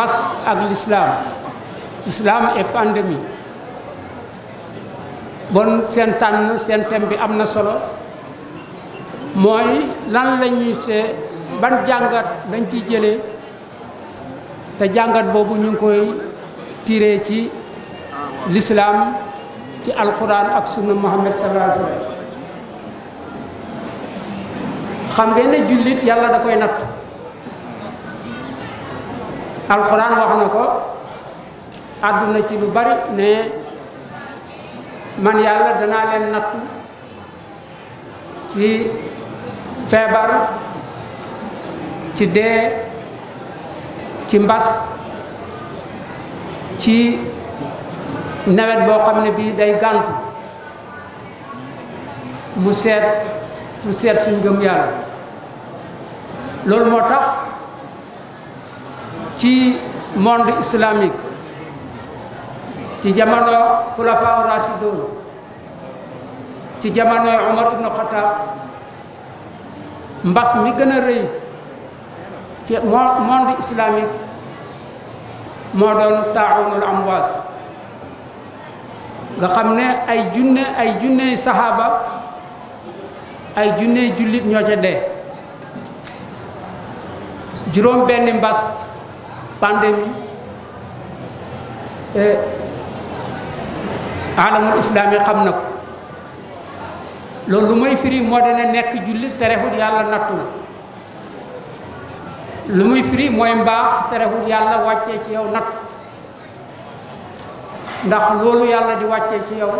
mbas ak l'islam islam et pandémie bon seen tànn seen thème bi am na solo mooy lan lañuy see ban jàngat dañ ci jële te jàngat boobu ñu ngi koy tiré ci l'islam ci alxuraan ak sunna muhammad sallallahu xam ngeen ne jullit yàlla da koy natt alxuraan wax na ko àdduna ci lu bari ne man yàlla danaa leen nattu ci feebar ci dee ci mbas ci nawet boo xam ne bii day gàntu mu seet fu seet suñ gëm yàlla loolu moo tax ci monde islamique ci jamono xulafaa rashidun ci jamono Umar ibnu Xattaab mbas mi gën a rëy ci monde islamique moo doon taaxunul amwaas nga xam ne ay junne ay junne saxaaba ay junne jullit ñoo ca dee juróom benn mbas pandémie alamul islaam yi xam na ko loolu lu muy firi moo dana nekk jullit te rexul yàlla nattu la lu muy firi mooy mbaax te yàlla wàccee ci yow nattu ndax loolu yàlla di wàccee ci yaw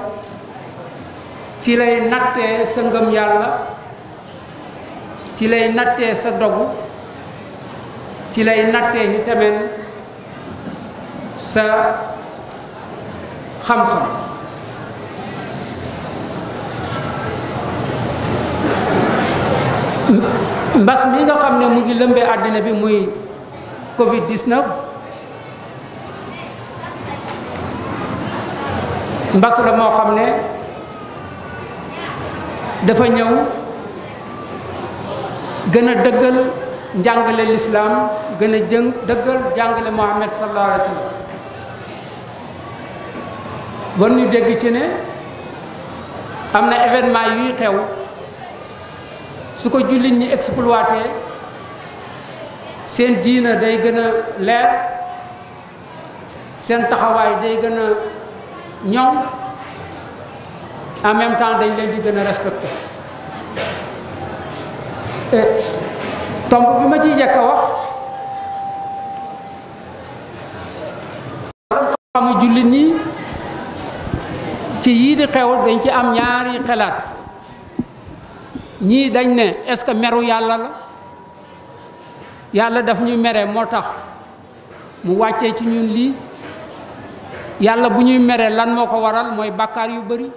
ci lay nattee sa ngëm yàlla ci lay nattee sa dogu ci lay nattee itamit sa xam-xam mbas mi nga xam ne mu ngi lëmbee àddina bi muy covid 19 mbas la moo xam ne dafa ñëw gën a dëggal njàngale lislaam gën a jëng dëggal jàngale Muhammad sallallahu alayhi wa sallam ba ñu dégg ci ne am na événement yuy xew su ko jullit ñi exploité seen diina day gën a leer seen taxawaay day gën a ñoŋ en même temps dañ leen di gën a respecté tomb bi ma ciy jëkk a wax amu jullit nii ci yii di xew dañ ci am ñaari xalaat ñii dañ ne est meru yàlla la yàlla daf ñu mere moo tax mu wàccee ci ñun lii yàlla bu ñuy mere lan moo ko waral mooy bàkkaar yu bari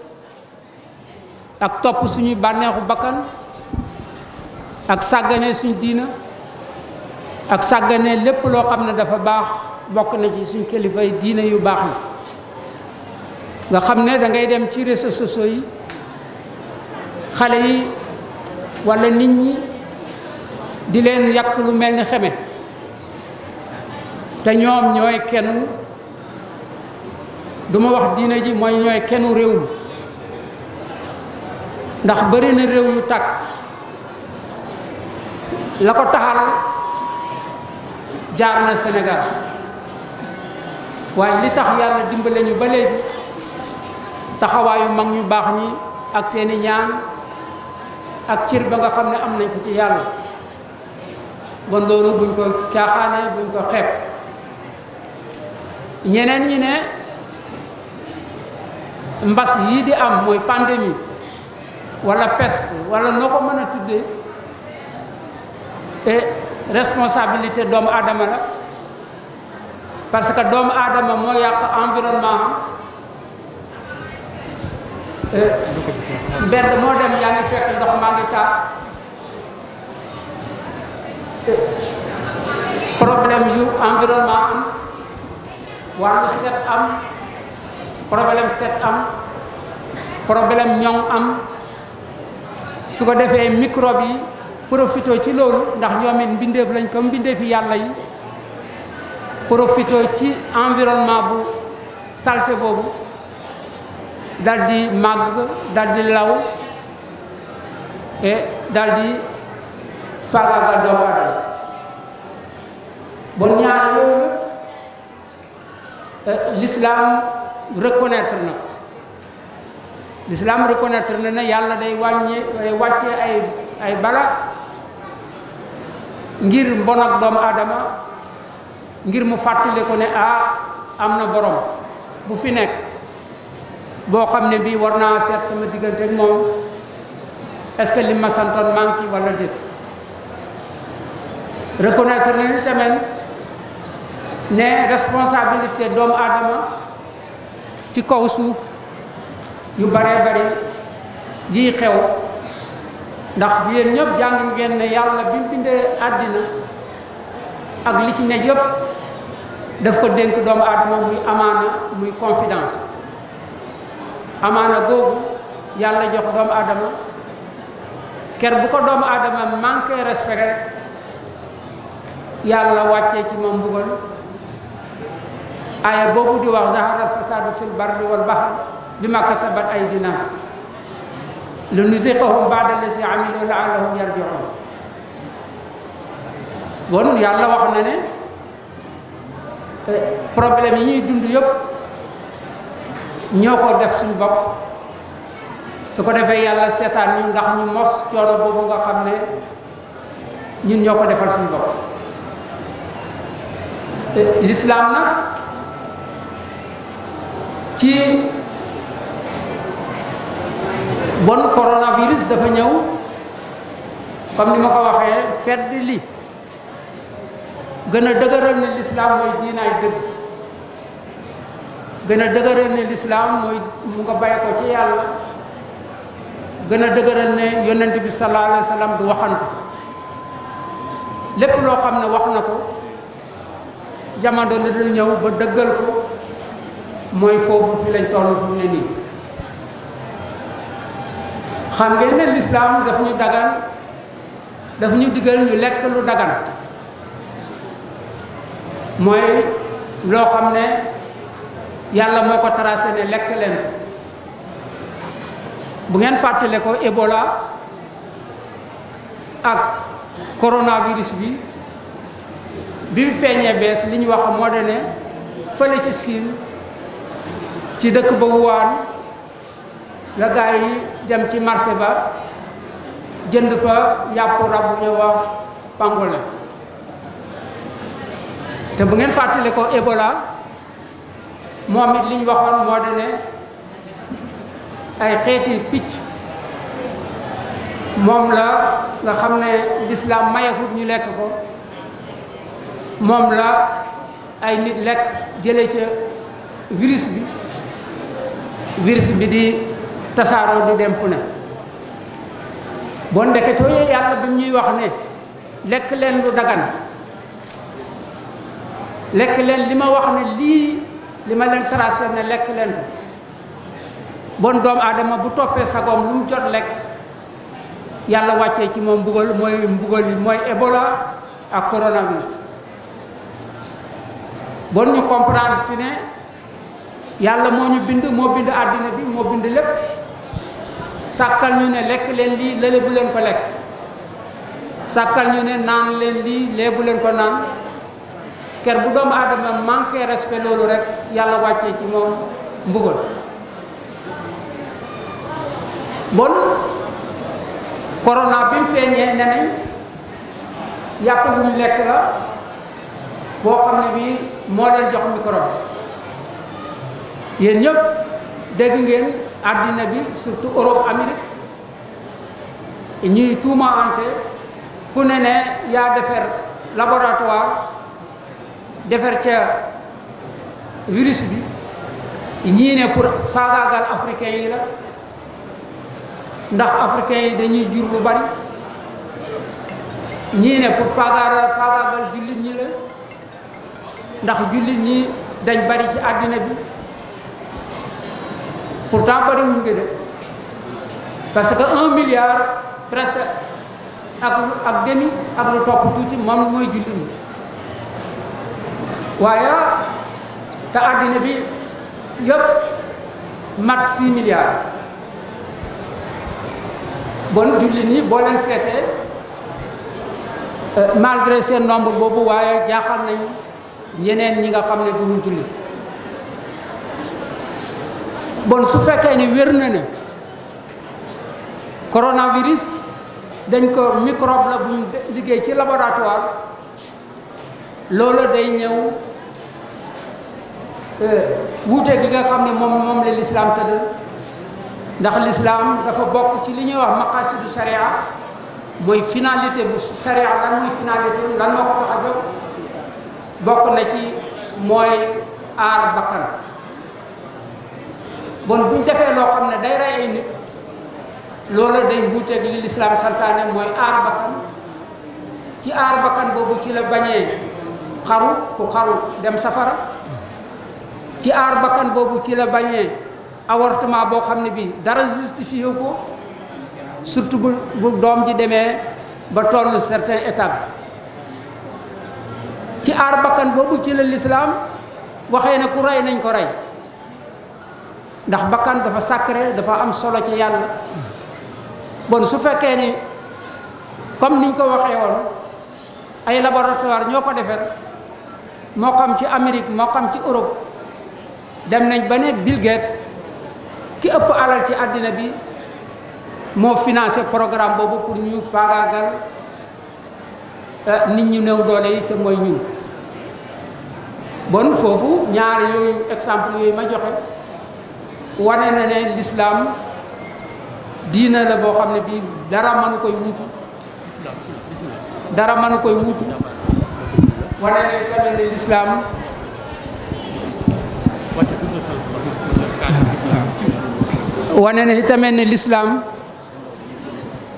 ak topp suñuy bànneexu bakkan ak sàggane suñ diina ak sàggane lépp loo xam ne dafa baax bokk na ci suñ kilifay diina yu baax na nga xam ne dangay dem ci réseaux sociaux yi xale yi walla nit ñi di leen yàq lu mel ni xeme te ñoom ñooy kenn du wax diina ji mooy ñooy kennu réew mi ndax bari na réew yu tàkk la ko taxal jaar na Sénégal waaye li tax yàlla dimbale ñu ba léegi taxawaayu mag ñu baax ñi ak seeni ñaan ak cir ba nga xam ne am nañ ko ci yàlla bon loolu buñ ko caaxaane buñ ko xeeb ñeneen ñi ne mbas yii di am mooy pandémie wala peste wala noo ko mën a tudde responsabilité doomu aadama la parce que doomu aadama moo yàq environnement am mbedd moo dem yaa ngi fekk ndox maa ngi taa problème yu environnement am wàllu set am problème set am problème ñoŋ am su ko defee microbe yi profito ci loolu ndax ñoom it mbindeef lañ comme mbindeefi yàlla yi profito ci environnement bu salte boobu daldi di màgg dal di law et dal di faagaagal ñaar yooyu euh, l'islam reconnaître na ko l'islam reconnaître na ne yàlla day wàññee day wàccee ay ay bala ngir mbon doomu aadama ngir mu fàttali ko ne a ah, am na borom bu fi nekk boo xam ne bii war naa seet sama diggante ak moom est-ce que li ma santoon maa ngi ci wala déet reconnaître nañu tamit ne responsabilité doomu aadama ci kaw suuf yu bare bari yiy xew ndax yéen ñëpp jàng ngeen ne yàlla bi mu bindee àddina ak li ci nekk yëpp daf ko dénk doomu aadama muy amaana muy confidence amaana googu yàlla jox doomu aadama kenn bu ko doomu aadama manqué respect yàlla wàccee ci moom mbugal aaya boobu di wax zaharal fasaadu fil barri wal bahri bi ma kasabat ay dina لنذيقهم بعد الذي عملوا لعلهم يرجعون bon yàlla wax na ne eh, problème yi ñuy dund yëpp ñoo ko def suñu bopp su ko defee yàlla seetaan ñu ndax ñu mos coono boobu nga xam ne ñun ñoo ko defal suñu bopp eh, l'islam nag ci bon coronavirus dafa ñëw comme ni ma ko waxee fedd li gën a dëgëral ne lislaam mooy diinaay dëgg gën a dëgëral ne lislaam mooy mu nga bàyyi ko ci yàlla gën a dëgëral ne yonent bi sallallahu alayhi wa sallam du waxantu lépp loo xam ne wax na ko jamono dina ñëw ba dëggal ko mooy foofu fi lañ toll fi mu ne nii xam ngeen ne lislaam daf ñu dagan daf ñu digal ñu lekk lu dagan mooy loo xam ne yàlla moo ko tracé ne lekk leen bu ngeen fàttale ko Ebola ak coronavirus bi bi feeñee bees li ñu wax moo de ne fële ci siin ci dëkk ba Wuhan la gaa yi dem ci marché ba jënd fa yàppu rab ñu wax pangolin te bu ngeen fàttale ko Ebola moom it li waxoon moo di ne ay xeeti picc moom la nga xam ne lislaam mayakut ñu lekk ko moom la ay nit lekk jële ca virus bi virus bi di tasaaroo di dem fu ne bon ndeketoo yee yàlla bi ñuy wax ne lekk leen lu dagan lekk leen li ma wax ne lii li ma leen tracé ne lekk leen ko bon doomu aadama bu toppee sagoom lu mu jot lekk yàlla wàccee ci moom mbugal mooy mbugal yi mooy Ebola ak coronavirus bon ñu comprendre ci ne yàlla moo ñu bind moo bind àddina bi moo bind lépp sàkkal ñu ne lekk leen lii lële bu leen ko lekk sàkkal ñu ne naan leen lii lee bu leen ko naan ker bu doomu aadama manqué respect loolu rek yàlla wàccee ci moom mbugal bon corona bi mu feeñee ne nañ yàpp bu ñu lekk la boo xam ne bii moo leen jox microbe yéen ñëpp dégg ngeen àddina bi surtout Europe Amérique ñuy tuumaante ku ne ne yaa defar laboratoire defar ca virus bi ñii ne pour faagaagal africain yi la ndax africain yi dañuy jur bu bari ñii ne pour faagaagal faagaagal jullit ñi la ndax jullit ñi dañ bari ci àddina bi pourtant bari wuñ ko de parce que un milliard presque ak ak demi ak lu topp tuuti moom mooy julli ñi waaye te àddina bi yëpp mat 6 milliards bon julli nii boo leen seetee euh, malgré seen nombre boobu waaye jaaxal nañ yeneen ñi nga xam ne duñu julli bon su fekkee ni wér na ne coronavirus dañ ko microbe la bu liggéey ci laboratoire loolu day ñëw euh, wuute gi nga xam ne moom moom la lislaam tëddal ndax lislaam dafa bokk ci li ñuy wax maqasidu sharia mooy finalité bu sharia lan muy finalité lan moo ko tax a jóg bokk na ci mooy aar bakkan bon buñ defee loo xam ne day rey ay nit loolu day wuuteeg li lislaam santaane mooy aar bakkan ci aar bakkan boobu ci la bañee xaru ku xaru dem safara ci aar bakkan boobu ci la bañee avortement boo xam ne bi dara justifié ko surtout bu bu doom ji demee ba tollu certain étape ci aar bakkan boobu ci la lislaam waxee ne ku rey nañ ko rey ndax bakkan dafa sacré dafa am solo ci yàlla bon su fekkee ni comme niñ ko waxee woon ay laboratoire ñoo ko defar moo xam ci Amérique moo xam ci Europe dem nañ ba ne Bill Gates ki ëpp alal ci àddina bi moo financé programme boobu pour ñu faagaagal euh, nit ñu new doole yi te mooy ñun bon foofu ñaar yooyu exemple yooyu ma joxe wane na ne lislaam diina la boo xam ne bii dara mënu koy wutu dara mënu koy wutu wane wane ne tamit ne lislaam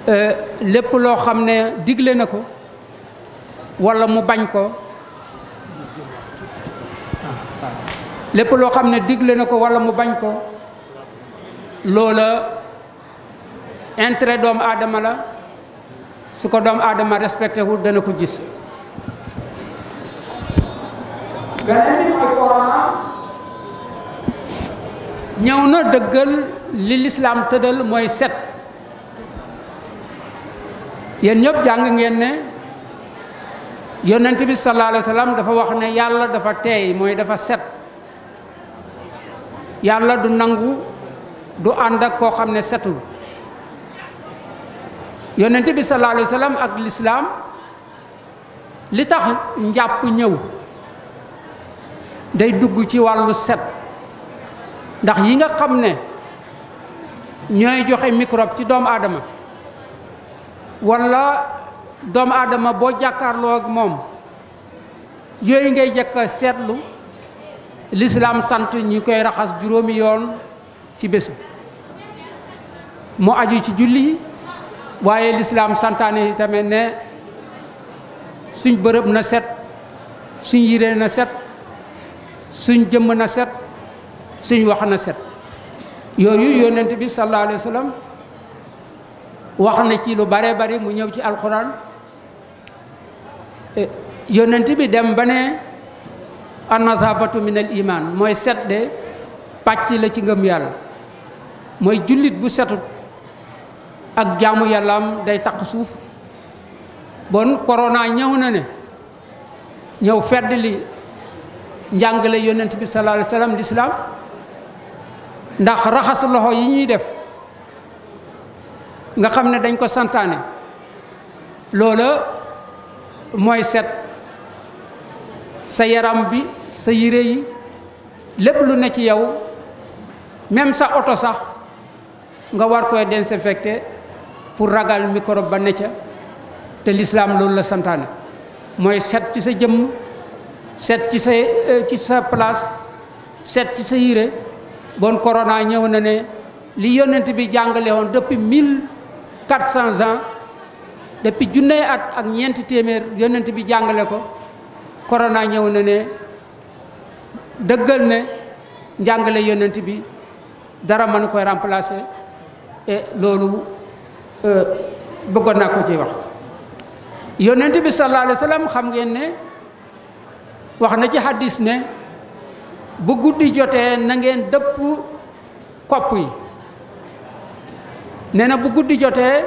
euh, lépp loo xam ne digle na ko walla mu bañ ko lépp loo xam ne digle na ko walla mu bañ ko loola intérêt doomu aadama la su ko doomu aadama respecté wul dana ko gis ñëw na dëggal li lislaam tëddal mooy set yéen ñëpp jàng ngeen ne yonent bi sallallahu alayhi wa dafa wax ne yàlla dafa teey mooy dafa set yàlla du nangu du ànd ak koo xam ne setul yonent bi sallallahu ak lislaam li tax njàpp ñëw day dugg ci wàllu set ndax yi nga xam ne ñooy joxe microbe ci doomu aadama walla doomu aadama boo jàkkaarloo ak moom yooyu ngay jëkk a seetlu lislaam sant ñu koy raxas juróomi yoon ci bésu mu aju ci julli waaye lislaam santaane yi tamit ne suñ bërëb na set suñ yiree na set suñ jëmm na set suñ wax na set yooyu yonent bi sallallahu alayhi wa sallam wax na ci lu bare bari mu ñëw ci alxuraan eh, yonent bi dem ba ne annazaafatu min imaan mooy set de pàcc la ci ngëm yàlla mooy jullit bu setut ak jaamu yàllaam day taq suuf bon corona ñëw na ne ñëw fedd li njàngale yonent bi sallallahu alayhi wa sallam lislaam ndax raxas loxo yi ñuy def nga xam ne dañ ko santaane loola mooy set sa yaram bi sa yére yi lépp lu ne ci yow même sa oto sax nga war koy désinfecté pour ragal microbe ba ne ca te lislaam loolu la santaane mooy set ci sa jëmm set ci sa euh, ci sa place set ci sa yére bon corona ñëw na ne li yonent bi jàngale woon depuis mille quatre cents ans depuis junney at ak ñeenti téeméer yonent bi jàngale ko corona ñëw na ne dëggal ne njàngale yonent bi dara mën koy remplacer Eh, loolu eh, bëggoon naa ko ci wax yonent bi sallallahu salaam xam ngeen ne wax na ci hadis ne bu guddi jotee nangeen dëpp kopp yi nee bu guddi jotee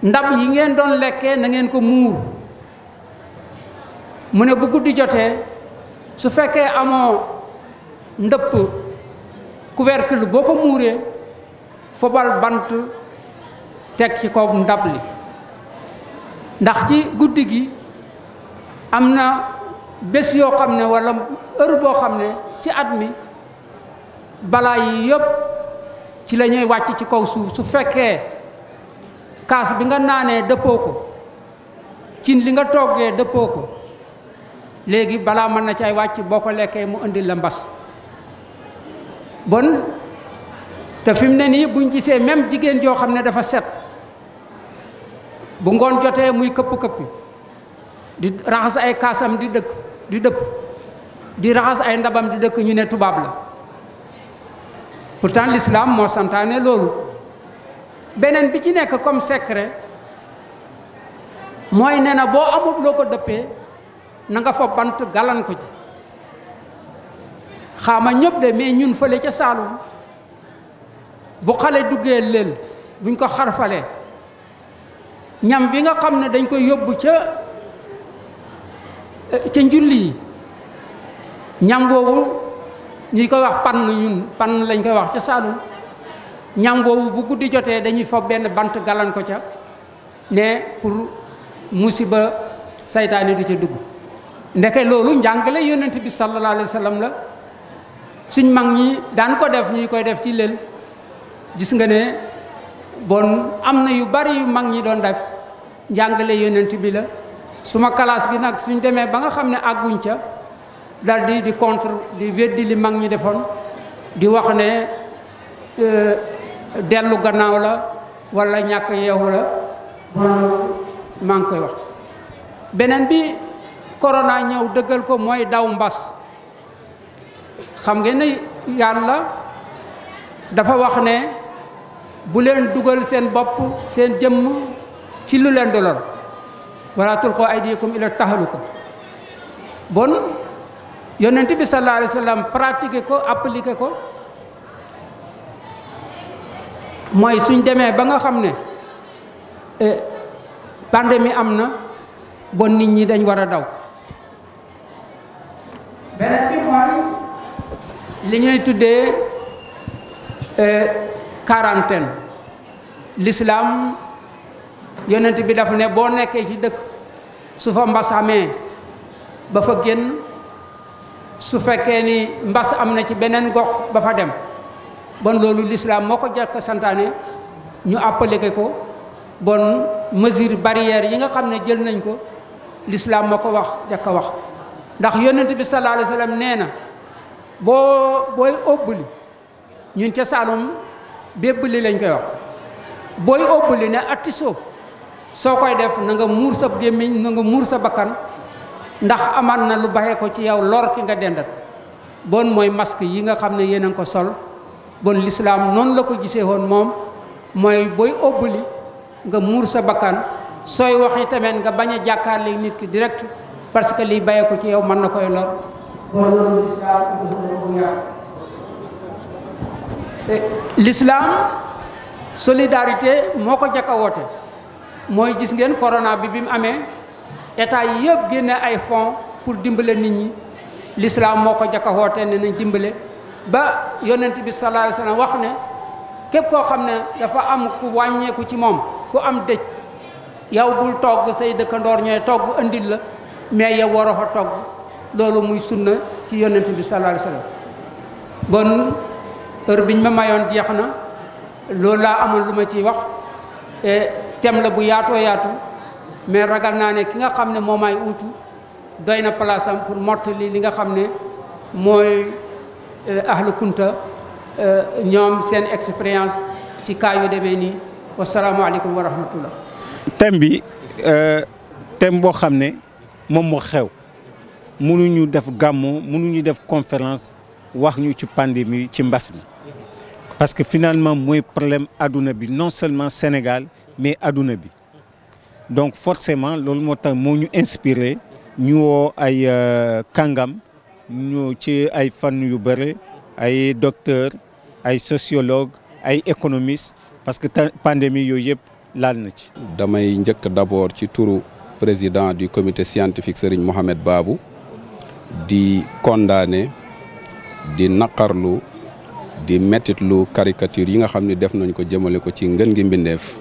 ndab yi ngeen doon lekkee na ngeen ko muur mu ne bu guddi jotee su fekkee amoo ndëpp couvercle boo ko muuree fobal bant teg ci kaw ndab li ndax ci guddi gi am na bés yoo xam ne walla heure boo xam ne ci at mi balaa yi yëpp ci lañuy wàcc ci kaw suuf su fekkee kaas bi nga naanee dëppoo ko cin li nga toggee dëppoo ko léegi balaa mën na ci ay wàcc boo ko lekkee mu indi la mbas bon te fi mu ne nii buñ gisee même jigéen joo xam ne dafa set bu ngoon jotee muy këpp këppi di raxas ay kaasam di dëkk di dëpp di raxas ay ndabam di dëkk ñu ne tubaab la pourtant lislaam moo santaane loolu beneen bi ci nekk comme secret mooy ne na boo amul loo ko dëppee na nga fa bant galan ko ci xaama ñëpp de mais ñun fële ca Saalum bu xale duggee lël buñ ko xarfalee ñam bi nga xam ne dañ koy yóbbu ca ca njulli yi ñam boobu ñi koy wax pann ñun pann lañ koy wax ca Saalum ñam boobu bu guddi jotee dañuy fa benn bant galan ko ca ne pour musiba saytaane du ca dugg ndeke loolu njàngale yonent bi sallallahu alayhi wa la suñ mag ñi daan ko def ñuy koy def ci lël gis nga ne bon am na yu bari yu mag ñi doon def njàngale yonent bi la suma kalaas bi nag suñ demee ba nga xam ne àgguñ ca dal di contre di weddi li mag ñi defoon di wax ne euh, dellu gannaaw la walla ñàkk yeewu la maa ngi koy wax beneen bi corona ñëw dëggal ko mooy daw mbas xam ngeen ne yàlla dafa wax ne bu leen dugal seen bopp seen jëmm ci lu leen dolor wala tulqu aydikum ila tahaluka bon yonent bi sallallahu alayhi wa sallam pratiquer ko applike ko mooy suñ demee ba nga xam ne e, mi am na bon nit ñi dañ war a daw beneen bi mooy li ñuy tuddee e, quarantaine lislaam yonent bi dafa ne boo nekkee ci dëkk su fa mbas amee ba fa génn su fekkee ni mbas am na ci beneen gox ba fa dem bon loolu lislaam moo ko jëkk santaane ñu appliqué ko bon masir barrière yi nga xam ne jël nañ ko lislaam moo ko wax jëkk wax ndax yonent bi sallallahu alayhi wa sallam nee na boo booy óbbali ñun ca Saalum bébb li lañ koy wax booy ëbb li ne attiso soo koy def na nga muur sa gémmiñ na muur sa bakkan ndax amaat na lu baxee ko ci yow lor ki nga dendal bon mooy masque yi nga xam ne yéen a ko sol bon lislaam noonu la ko gisee woon moom mooy booy ëbb li nga muur sa bakkan sooy waxi tamit nga bañ a jàkkaarloo nit ki direct parce que liy bayee ko ci yow mën na koy lor bon loolu lislaam Eh, l'islam solidarité moo ko njëkk woote mooy gis ngeen corona bi bi mu amee état yi yëpp génne ay fonds pour dimbale nit ñi l'islam moo ko njëkk woote ne nañ dimbale ba yonent bi sallallahu alayhi wasallam wax ne képp koo xam ne dafa am ku wàññeeku ci moom ku am dëj yow bul togg say dëkkandoor ñooy togg andil la mais yow waroo fa togg loolu muy sunna ci yonent bi sallallahu alayhi wasallam bon heure biñ ma mayoon jeex na loolu laa amoon lu ma ciy wax e, tem la bu yaatoo yaatu mais ragal naa ne ki nga xam ne moo may utu doy na place am pour mottali li nga xam ne mooy e, ahlu kunta e, ñoom seen expérience ci cas demee nii wasalaamaaleykum wa rahmatullah thème bi thème boo xam ne moom moo xew mënuñu def gàmmu mënuñu def conférence wax ñu ci pandémie ci mbas mi parce que finalement mooy problème àdduna bi non seulement Sénégal mais àdduna bi donc forcément loolu moo tax moo ñu inspiré ñu woo ay euh, kàngam ñu ci ay fànn yu bëri ay docteur ay sociologue ay économiste parce que pandémie yooyu yëpp laal na ci. damay njëkk d'abord ci turu président du comité scientifique Serigne Mohamed baabu di kondaane di naqarlu. di mettit lu yi nga xam ne def nañ ko jëmale ko ci ngën gi mbindeef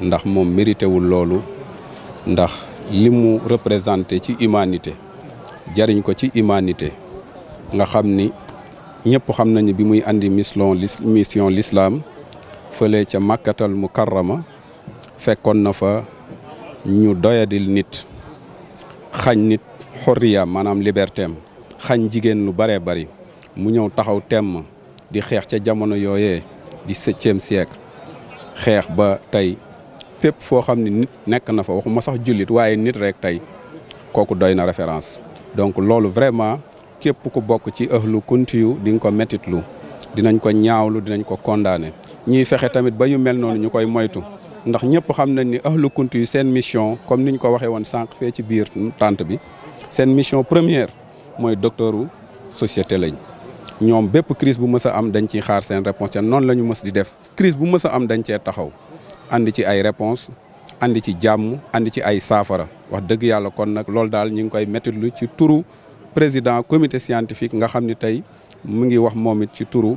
ndax moom mérité wul loolu ndax li mu représenté ci humanité jariñ ko ci imaanité nga xam ni ñëpp xam nañu bi muy andi mission mission l'islam fële ca màkkatal mu karrama fekkoon na fa ñu doyadil nit xañ nit xorriya maanaam liberté xañ jigéen lu baree bari mu ñëw taxaw temm di xeex ca jamono yooyee di septième siècle xeex ba tey fépp foo xam ne nit nekk na fa waxuma sax jullit waaye nit rek tey kooku doy na référence donc loolu vraiment képp ku bokk ci ëhlu kuntiyu di nga ko métitlu dinañ ko ñaawlu dinañ ko kondaane ñuy fexe tamit ba yu mel noonu ñu koy moytu ndax ñëpp xam nañ ni ahlu kunti yu seen mission comme ñu ko waxee woon sànq fee ci biir tànt bi seen mission première mooy docteuru société lañ ñoom bépp crise bu mës a am dañ ciy xaar seen réponse te noonu la ñu mës di def crise bu mës a am dañ cee taxaw andi ci ay réponse andi ci jàmm andi ci ay saafara wax dëgg yàlla kon nag loolu daal ñu ngi koy mettitlu ci turu président comité scientifique nga xam ni tey mu ngi wax moom it ci turu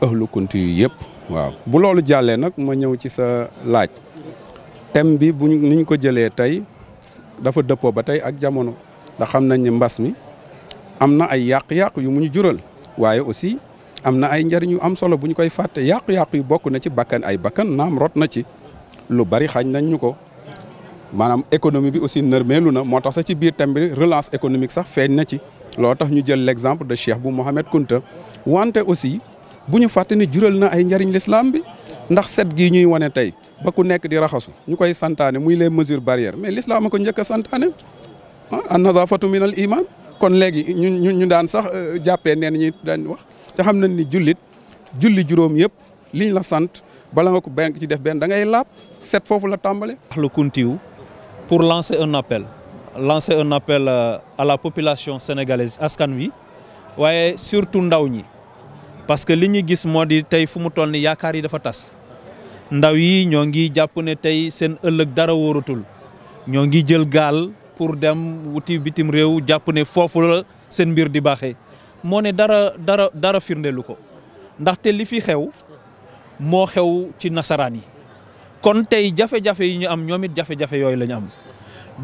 ëhlu kunti yu yëpp waaw bu loolu jàllee nag ma ñëw ci sa laaj thème bi bu ni ko jëlee tey dafa dëppoo ba tey ak jamono ndax xam nañ ni mbas mi am na ay yàq-yàq yu mu jural waaye aussi am na ay njariñ yu am solo bu ñu koy fàtte yàqu-yàqu yi bokk na ci bakkan ay bakkan naam rot na ci lu bari xaañ nañ ñu ko maanaam économie bi aussi nërmeelu na moo tax sax ci biir thème bi relance économique sax feeñ na ci loo tax ñu jël l'exemple de Cheikh bu Mohamed Kunta wante aussi bu ñu fàtte ni jural na ay njariñ l'islam bi ndax set gii ñuy wane tey ba ku nekk di raxasu ñu koy santaane muy les mesures barrières mais l'islam a ko njëkk a santaane ah, an nazafatu min al kon léegi ñun ñun ñu daan sax euh, jàppe neen ñu daan wax te xam nañ ni jullit julli juróom yëpp liñ la sant bala nga ko benn ci def benn da ngay laab set foofu la tàmbale. Lu Kountiou pour lancer un appel lancer un appel euh, à la population sénégalaise askan wi waaye surtout ndaw ñi parce que li ñu gis moo di tey fu mu toll ni yaakaar yi dafa tas ndaw yi ñoo ngi jàpp ne tey seen ëllëg dara wóoratul ñoo ngi jël gaal. pour dem wuti bitim réew jàpp ne foofu la seen mbir di baaxe moo ne dara dara dara firndeelu ko ndaxte li fi xew moo xew ci nasaraan yi kon tey jafe-jafe yi ñu am ñoom it jafe-jafe yooyu lañu am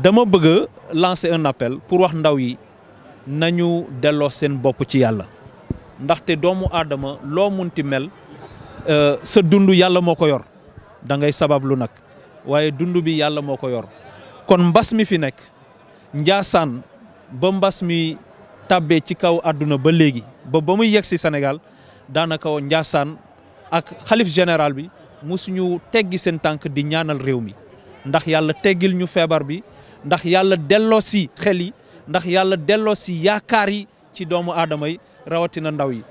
dama bëgg a lancer un appel pour wax ndaw yi nañu delloo seen bopp ci yàlla ndaxte doomu aadama loo munti mel euh, sa dund yàlla moo ko yor da ngay sabablu nag waaye dund bi yàlla moo ko yor kon mbas mi fi nekk Njaasaan ba mbas mi tàbbee ci kaw àdduna ba léegi ba ba muy yegg si Sénégal daanaka Njaasaan ak xalif général bi musuñu teggi seen tànk di ñaanal réew mi ndax yàlla teggil ñu feebar bi ndax yàlla delloo si xel yi ndax yàlla delloo si yaakaar yi ci doomu aadama yi rawatina ndaw yi